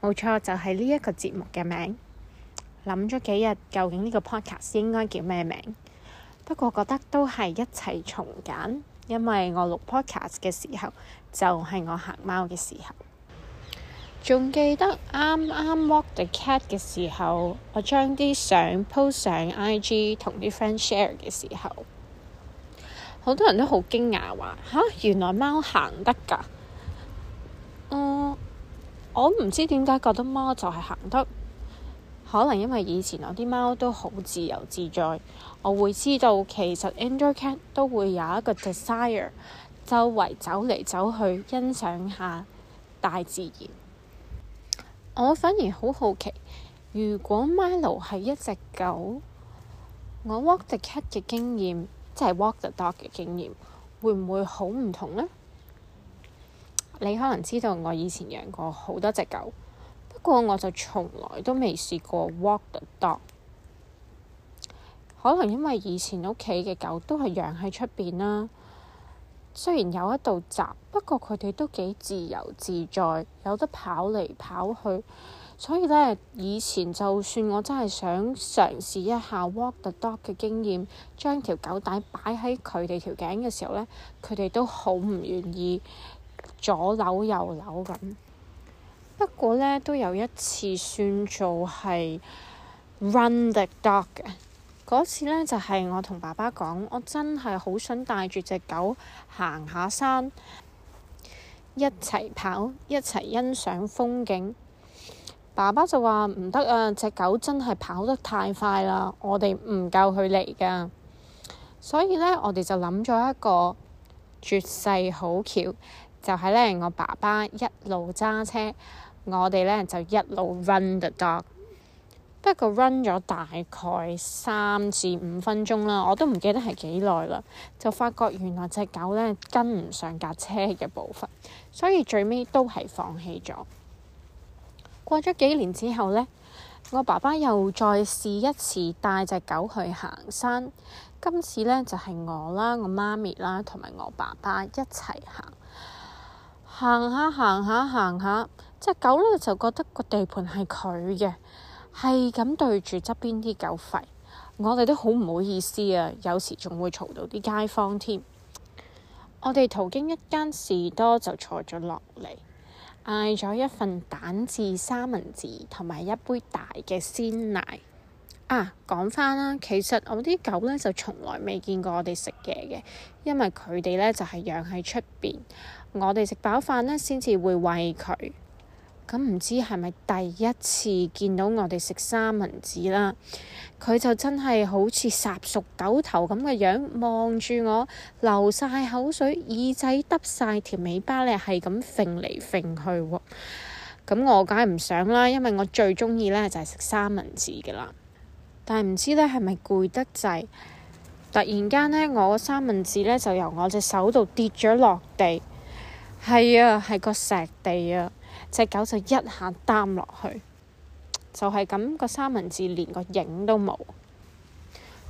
冇錯就係呢一個節目嘅名。諗咗幾日，究竟呢個 podcast 應該叫咩名？不過覺得都係一齊重揀，因為我錄 podcast 嘅時候就係我行貓嘅時候。仲記得啱啱 walk the cat 嘅時候，我將啲相 post 上 IG 同啲 friend share 嘅時候，好多人都好驚訝話吓，原來貓行得噶。我唔知點解覺得貓就係行得，可能因為以前我啲貓都好自由自在，我會知道其實 indoor cat 都會有一個 desire，周圍走嚟走去欣賞下大自然。我反而好好奇，如果 Milo 係一隻狗，我 walk the cat 嘅經驗，即係 walk the dog 嘅經驗，會唔會好唔同呢？你可能知道我以前養過好多隻狗，不過我就從來都未試過 walk the dog。可能因為以前屋企嘅狗都係養喺出邊啦，雖然有一度閘，不過佢哋都幾自由自在，有得跑嚟跑去。所以咧，以前就算我真係想嘗試一下 walk the dog 嘅經驗，將條狗帶擺喺佢哋條頸嘅時候咧，佢哋都好唔願意。左扭右扭咁，不過呢，都有一次算做係 run the dog 嗰次呢，就係、是，我同爸爸講，我真係好想帶住隻狗行下山，一齊跑，一齊欣賞風景。爸爸就話唔得啊，隻狗真係跑得太快啦，我哋唔夠佢嚟㗎，所以呢，我哋就諗咗一個絕世好橋。就係咧，我爸爸一路揸車，我哋咧就一路 run the dog。不過 run 咗大概三至五分鐘啦，我都唔記得係幾耐啦。就發覺原來隻狗咧跟唔上架車嘅步伐，所以最尾都係放棄咗。過咗幾年之後呢，我爸爸又再試一次帶隻狗去行山。今次呢，就係我啦、我媽咪啦同埋我爸爸一齊行。行下行下行下，隻狗咧就覺得個地盤係佢嘅，係咁對住側邊啲狗吠，我哋都好唔好意思啊！有時仲會嘈到啲街坊添。 我哋途經一間士多就坐咗落嚟，嗌咗一份蛋治三文治同埋一杯大嘅鮮奶。啊，講返啦，其實我啲狗咧就從來未見過我哋食嘢嘅，因為佢哋咧就係養喺出邊，我哋食飽飯咧先至會餵佢。咁、嗯、唔知係咪第一次見到我哋食三文治啦？佢就真係好似殺熟狗頭咁嘅樣望住我，流晒口水，耳仔耷晒條尾巴咧，係咁揈嚟揈去喎、哦。咁、嗯、我梗係唔想啦，因為我最中意咧就係、是、食三文治噶啦。但係唔知咧，係咪攰得滯？突然間咧，我個三文治咧就由我隻手度跌咗落地，係啊，係個石地啊！隻狗就一下擔落去，就係咁，個三文治連個影都冇。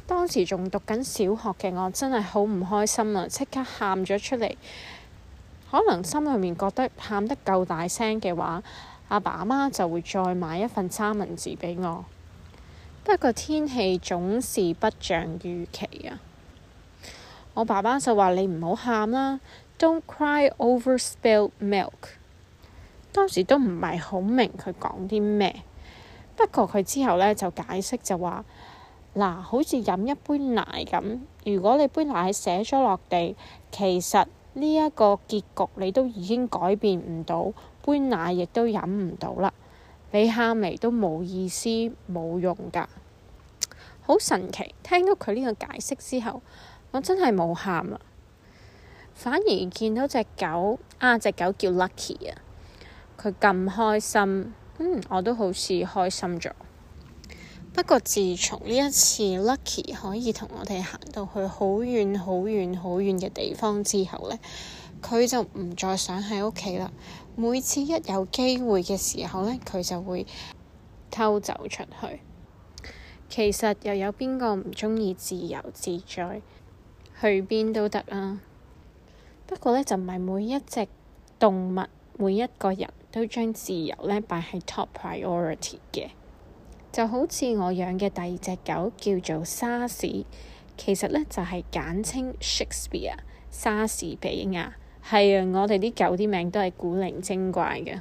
當時仲讀緊小學嘅我真係好唔開心啊！即刻喊咗出嚟，可能心裏面覺得喊得夠大聲嘅話，阿爸阿媽就會再買一份三文治俾我。不過天氣總是不像預期啊！我爸爸就話：你唔好喊啦，Don't cry over spilled milk。當時都唔係好明佢講啲咩，不過佢之後咧就解釋就話：嗱，好似飲一杯奶咁，如果你杯奶瀉咗落地，其實呢一個結局你都已經改變唔到，杯奶亦都飲唔到啦。你喊嚟都冇意思冇用㗎，好神奇！聽到佢呢個解釋之後，我真係冇喊啦，反而見到隻狗啊，隻狗叫 Lucky 啊，佢咁開心，嗯，我都好似開心咗。不過，自從呢一次 lucky 可以同我哋行到去好遠、好遠、好遠嘅地方之後呢，佢就唔再想喺屋企啦。每次一有機會嘅時候呢，佢就會偷走出去。其實又有邊個唔鍾意自由自在，去邊都得啊？不過呢，就唔係每一隻動物、每一個人都將自由呢擺喺 top priority 嘅。就好似我養嘅第二隻狗叫做沙士，其實咧就係、是、簡稱 Shakespeare 沙士比亞。係啊，我哋啲狗啲名都係古靈精怪嘅。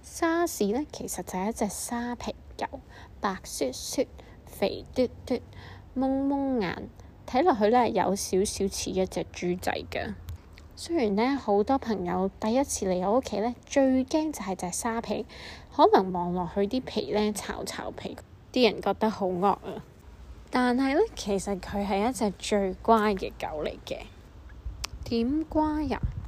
沙士咧其實就係一隻沙皮狗，白雪雪，肥嘟嘟，矇矇眼，睇落去咧有少少似一隻豬仔噶。雖然呢，好多朋友第一次嚟我屋企呢，最驚就係就隻沙皮，可能望落去啲皮呢，巢巢皮，啲人覺得好惡啊。但係呢，其實佢係一隻最乖嘅狗嚟嘅，點乖呀、啊？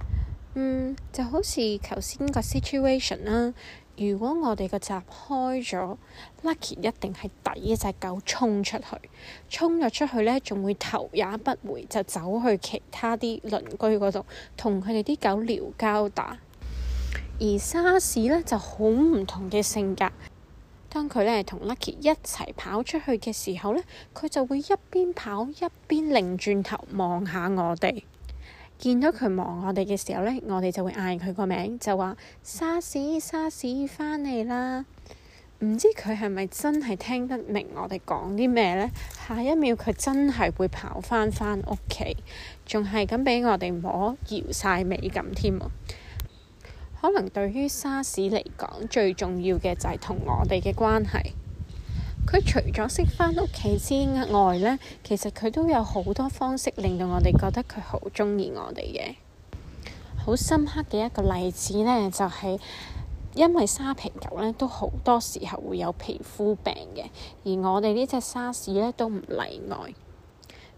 嗯，就好似頭先個 situation 啦。如果我哋個閘開咗，Lucky 一定係第一隻狗衝出去，衝咗出去呢，仲會頭也不回就走去其他啲鄰居嗰度，同佢哋啲狗聊交打。而沙士呢，就好唔同嘅性格，當佢呢同 Lucky 一齊跑出去嘅時候呢，佢就會一邊跑一邊擰轉頭望下我哋。見到佢望我哋嘅時候咧，我哋就會嗌佢個名，就話，沙士，沙士翻嚟啦！唔知佢係咪真係聽得明我哋講啲咩咧？下一秒佢真係會跑翻翻屋企，仲係咁畀我哋摸搖晒尾咁添啊！可能對於沙士嚟講，最重要嘅就係同我哋嘅關係。佢除咗識翻屋企之外咧，其實佢都有好多方式令到我哋覺得佢好中意我哋嘅。好深刻嘅一個例子咧，就係因為沙皮狗咧都好多時候會有皮膚病嘅，而我哋呢隻沙士咧都唔例外。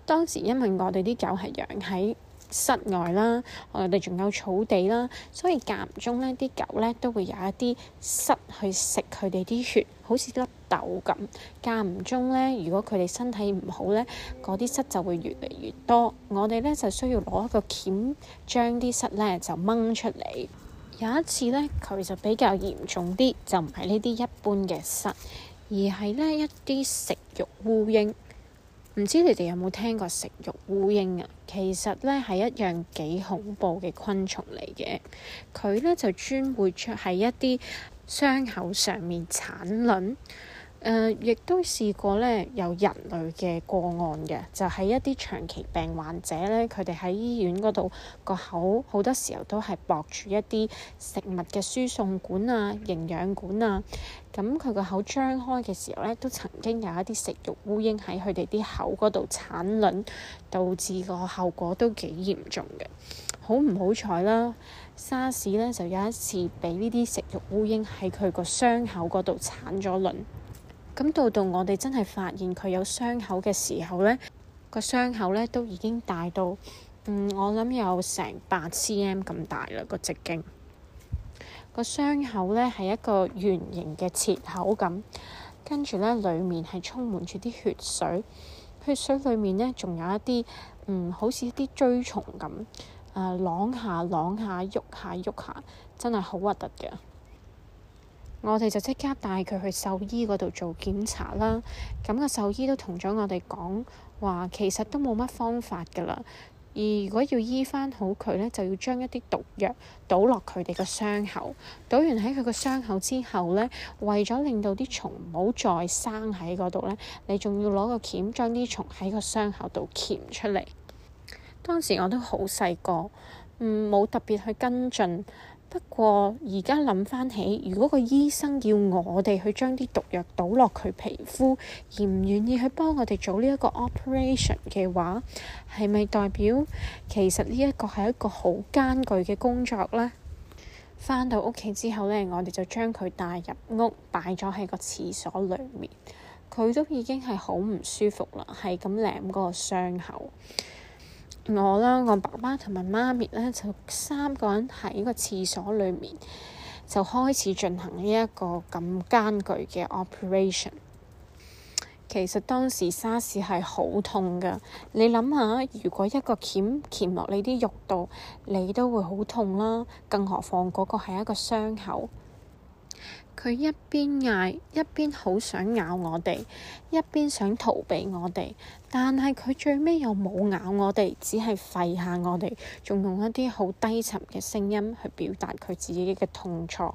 當時因為我哋啲狗係養喺室外啦，我哋仲有草地啦，所以間唔中咧啲狗咧都會有一啲虱去食佢哋啲血，好似粒豆咁間唔中咧，如果佢哋身體唔好咧，嗰啲虱就會越嚟越多。我哋咧就需要攞一個鉗將啲虱咧就掹出嚟。有一次咧，佢就比較嚴重啲，就唔係呢啲一般嘅虱，而係咧一啲食肉烏蠅。唔知你哋有冇聽過食肉烏蠅啊？其實咧係一樣幾恐怖嘅昆蟲嚟嘅，佢咧就專會出喺一啲傷口上面產卵。誒，亦、呃、都試過咧，有人類嘅個案嘅，就係、是、一啲長期病患者咧，佢哋喺醫院嗰度個口好多時候都係駁住一啲食物嘅輸送管啊、營養管啊。咁佢個口張開嘅時候咧，都曾經有一啲食肉烏蠅喺佢哋啲口嗰度產卵，導致個後果都幾嚴重嘅。好唔好彩啦？沙士咧就有一次俾呢啲食肉烏蠅喺佢個傷口嗰度產咗卵。咁到到我哋真係發現佢有傷口嘅時候，呢個傷口呢都已經大到，嗯，我諗有成八 cm 咁大啦，個直徑。個傷口呢係一個圓形嘅切口咁，跟住呢裡面係充滿住啲血水，血水裡面呢仲有一啲，嗯，好似啲蛆蟲咁，啊，啷下啷下喐下喐下，下，下，真係好核突嘅。我哋就即刻帶佢去獸醫嗰度做檢查啦。咁個獸醫都同咗我哋講話，其實都冇乜方法㗎啦。而如果要醫翻好佢呢，就要將一啲毒藥倒落佢哋個傷口。倒完喺佢個傷口之後呢，為咗令到啲蟲唔好再生喺嗰度呢，你仲要攞個鉗將啲蟲喺個傷口度鉗出嚟。當時我都好細個，嗯，冇特別去跟進。不過而家諗翻起，如果個醫生要我哋去將啲毒藥倒落佢皮膚，而唔願意去幫我哋做呢一個 operation 嘅話，係咪代表其實呢一個係一個好艱巨嘅工作呢？返到屋企之後呢，我哋就將佢帶入屋，擺咗喺個廁所裡面。佢都已經係好唔舒服啦，係咁舐個傷口。我啦，我爸爸同埋媽咪咧，就三個人喺個廁所裏面，就開始進行呢一個咁艱巨嘅 operation。其實當時沙士係好痛㗎，你諗下，如果一個鉗鉗落你啲肉度，你都會好痛啦，更何況嗰個係一個傷口。佢一邊嗌，一邊好想咬我哋，一邊想逃避我哋，但係佢最尾又冇咬我哋，只係吠下我哋，仲用一啲好低沉嘅聲音去表達佢自己嘅痛楚。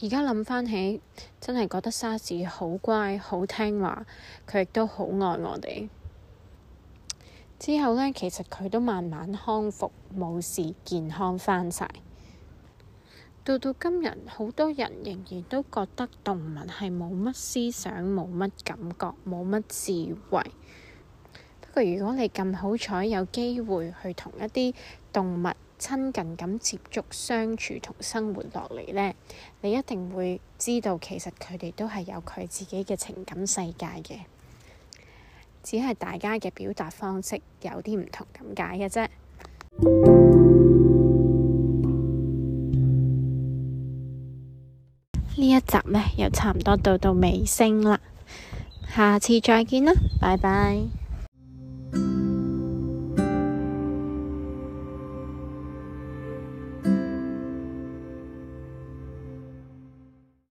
而家諗翻起，真係覺得沙士好乖、好聽話，佢亦都好愛我哋。之後咧，其實佢都慢慢康復，冇事，健康翻晒。到到今日，好多人仍然都覺得動物係冇乜思想、冇乜感覺、冇乜智慧。不過，如果你咁好彩有機會去同一啲動物親近咁接觸、相處同生活落嚟呢，你一定會知道其實佢哋都係有佢自己嘅情感世界嘅。只係大家嘅表達方式有啲唔同咁解嘅啫。 集呢又差唔多到到尾聲啦，下次再見啦，拜拜。